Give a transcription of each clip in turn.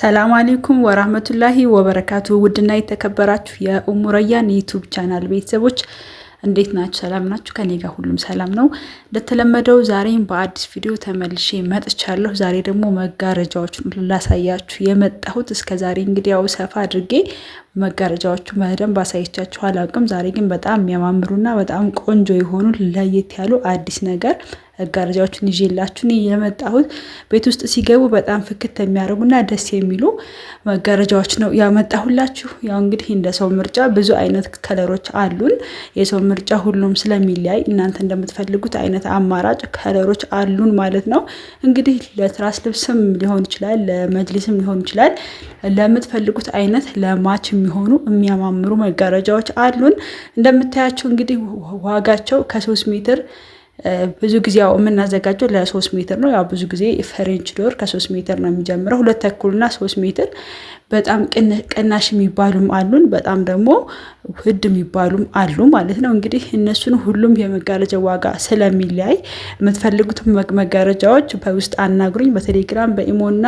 ሰላም አሌይኩም ወራህመቱላሂ ወበረካቱ። ውድና የተከበራችሁ የኡሙረያን ዩቱብ ቻናል ቤተሰቦች እንዴት ናችሁ? ሰላም ናችሁ? ከኔ ጋር ሁሉም ሰላም ነው። እንደተለመደው ዛሬም በአዲስ ቪዲዮ ተመልሼ መጥቻለሁ። ዛሬ ደግሞ መጋረጃዎችን ላሳያችሁ የመጣሁት። እስከ ዛሬ እንግዲህ ያው ሰፋ አድርጌ መጋረጃዎቹ በደንብ አሳይቻችሁ አላውቅም። ዛሬ ግን በጣም የሚያማምሩና በጣም ቆንጆ የሆኑ ለየት ያሉ አዲስ ነገር መጋረጃዎችን ይዤላችሁ የመጣሁት ቤት ውስጥ ሲገቡ በጣም ፍክት የሚያደርጉና ደስ የሚሉ መጋረጃዎች ነው ያመጣሁላችሁ። ያው እንግዲህ እንደ ሰው ምርጫ ብዙ አይነት ከለሮች አሉን። የሰው ምርጫ ሁሉም ስለሚለያይ እናንተ እንደምትፈልጉት አይነት አማራጭ ከለሮች አሉን ማለት ነው። እንግዲህ ለትራስ ልብስም ሊሆን ይችላል፣ ለመጅሊስም ሊሆን ይችላል። ለምትፈልጉት አይነት ለማች የሚሆኑ የሚያማምሩ መጋረጃዎች አሉን። እንደምታያቸው እንግዲህ ዋጋቸው ከሶስት ሜትር ብዙ ጊዜ ያው የምናዘጋጀው ለሶስት ሜትር ነው። ያው ብዙ ጊዜ ፈሬንች ዶር ከሶስት ሜትር ነው የሚጀምረው። ሁለት ተኩልና ሶስት ሜትር በጣም ቅናሽ የሚባሉም አሉን፣ በጣም ደግሞ ውድ የሚባሉም አሉ ማለት ነው። እንግዲህ እነሱን ሁሉም የመጋረጃ ዋጋ ስለሚለያይ የምትፈልጉት መጋረጃዎች በውስጥ አናግሩኝ በቴሌግራም በኢሞና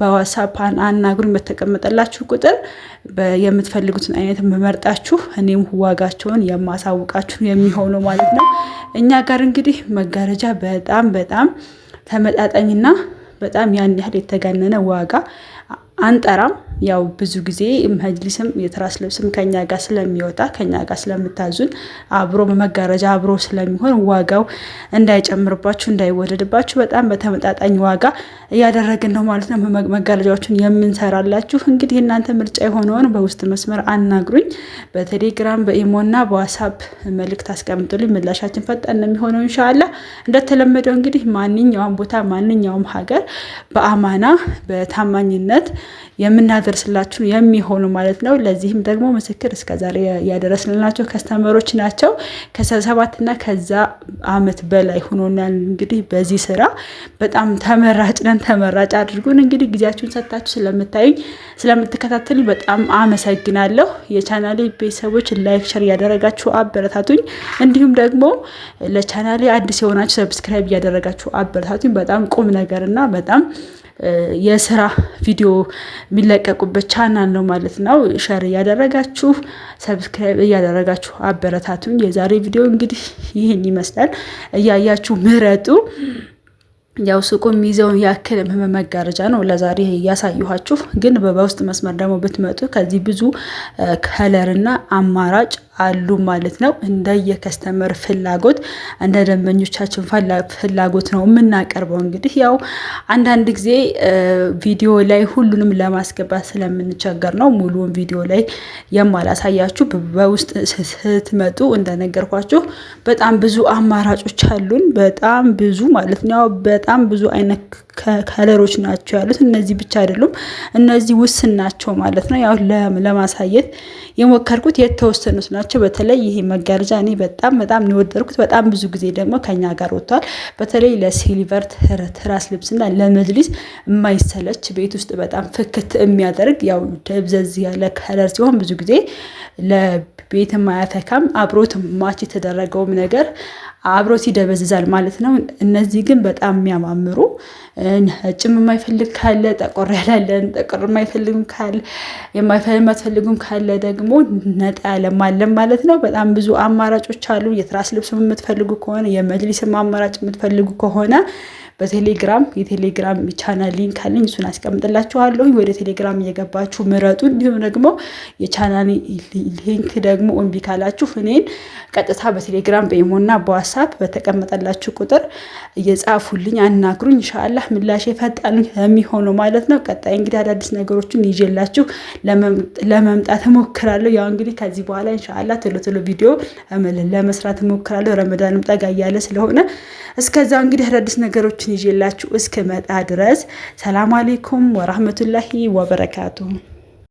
በዋትሳፕ አናግሩኝ። በተቀመጠላችሁ ቁጥር የምትፈልጉትን አይነት መመርጣችሁ እኔም ዋጋቸውን የማሳውቃችሁ የሚሆነው ማለት ነው። እኛ ጋር እንግዲህ መጋረጃ በጣም በጣም ተመጣጣኝና በጣም ያን ያህል የተጋነነ ዋጋ አንጠራም። ያው ብዙ ጊዜ መጅሊስም የትራስ ልብስም ከኛ ጋር ስለሚወጣ ከኛ ጋር ስለምታዙን አብሮ በመጋረጃ አብሮ ስለሚሆን ዋጋው እንዳይጨምርባችሁ እንዳይወደድባችሁ በጣም በተመጣጣኝ ዋጋ እያደረግን ነው ማለት ነው መጋረጃዎችን የምንሰራላችሁ። እንግዲህ እናንተ ምርጫ የሆነውን በውስጥ መስመር አናግሩኝ። በቴሌግራም በኢሞና በዋሳፕ መልእክት አስቀምጡልኝ። ምላሻችን ፈጣን ነው የሚሆነው እንሻላ። እንደተለመደው እንግዲህ ማንኛውም ቦታ ማንኛውም ሀገር በአማና በታማኝነት የምና ልናደርስላችሁ የሚሆኑ ማለት ነው። ለዚህም ደግሞ ምስክር እስከዛሬ ያደረስንላቸው ከስተመሮች ናቸው። ከሰባትና ከዛ አመት በላይ ሆኖናል። እንግዲህ በዚህ ስራ በጣም ተመራጭ ነን። ተመራጭ አድርጉን። እንግዲህ ጊዜያችሁን ሰጥታችሁ ስለምታዩኝ ስለምትከታተሉ በጣም አመሰግናለሁ። የቻናሌ ቤተሰቦች ላይክ፣ ሸር እያደረጋችሁ አበረታቱኝ። እንዲሁም ደግሞ ለቻናሌ አዲስ የሆናችሁ ሰብስክራይብ እያደረጋችሁ አበረታቱኝ። በጣም ቁም ነገርና በጣም የስራ ቪዲዮ የሚለቀቁበት ቻናል ነው ማለት ነው። ሸር እያደረጋችሁ ሰብስክራይብ እያደረጋችሁ አበረታቱኝ። የዛሬ ቪዲዮ እንግዲህ ይህን ይመስላል። እያያችሁ ምረጡ። ያው ሱቁ የሚይዘውን ያክል መጋረጃ ነው ለዛሬ እያሳየኋችሁ። ግን በውስጥ መስመር ደግሞ ብትመጡ ከዚህ ብዙ ከለርና አማራጭ አሉ ማለት ነው። እንደ የከስተመር ፍላጎት እንደ ደንበኞቻችን ፍላጎት ነው የምናቀርበው። እንግዲህ ያው አንዳንድ ጊዜ ቪዲዮ ላይ ሁሉንም ለማስገባት ስለምንቸገር ነው ሙሉውን ቪዲዮ ላይ የማላሳያችሁ። በውስጥ ስትመጡ እንደነገርኳችሁ በጣም ብዙ አማራጮች አሉን። በጣም ብዙ ማለት ነው። በጣም ብዙ አይነት ከለሮች ናቸው ያሉት። እነዚህ ብቻ አይደሉም፣ እነዚህ ውስን ናቸው ማለት ነው። ያው ለማሳየት የሞከርኩት የተወሰኑት ናቸው። ናቸው። በተለይ ይሄ መጋረጃ እኔ በጣም በጣም የወደድኩት በጣም ብዙ ጊዜ ደግሞ ከኛ ጋር ወጥቷል። በተለይ ለሲልቨር ትራስ ልብስና ለመጅሊስ የማይሰለች ቤት ውስጥ በጣም ፍክት የሚያደርግ ያው ደብዘዝ ያለ ከለር ሲሆን ብዙ ጊዜ ለቤት ማያፈካም አብሮት ማች የተደረገውም ነገር አብሮ ሲደበዝዛል ማለት ነው። እነዚህ ግን በጣም የሚያማምሩ ነጭም የማይፈልግ ካለ ጠቆር ያላለን ጠቆር የማይፈልግም ካለ የማትፈልጉም ካለ ደግሞ ነጣ ያለም አለን ማለት ነው። በጣም ብዙ አማራጮች አሉ። የትራስ ልብስም የምትፈልጉ ከሆነ የመጅሊስም አማራጭ የምትፈልጉ ከሆነ በቴሌግራም የቴሌግራም ቻናል ሊንክ አለኝ እሱን አስቀምጥላችኋለሁ። ወደ ቴሌግራም እየገባችሁ ምረጡ። እንዲሁም ደግሞ የቻናል ሊንክ ደግሞ እምቢ ካላችሁ እኔን ቀጥታ በቴሌግራም በኢሞና በዋትሳፕ በተቀመጠላችሁ ቁጥር እየጻፉልኝ አናግሩኝ። እንሻላ ምላሽ የፈጣኑ የሚሆነው ማለት ነው። ቀጣይ እንግዲህ አዳዲስ ነገሮችን ይዤላችሁ ለመምጣት እሞክራለሁ። ያው እንግዲህ ከዚህ በኋላ ኢንሻአላህ ቶሎ ቶሎ ቪዲዮ ለመስራት እሞክራለሁ። ረመዳንም ጠጋ እያለ ስለሆነ እስከዛ እንግዲህ አዳዲስ ነገሮችን ይዤላችሁ እስከመጣ ድረስ ሰላም አሌይኩም ወራህመቱላሂ ወበረካቱሁ።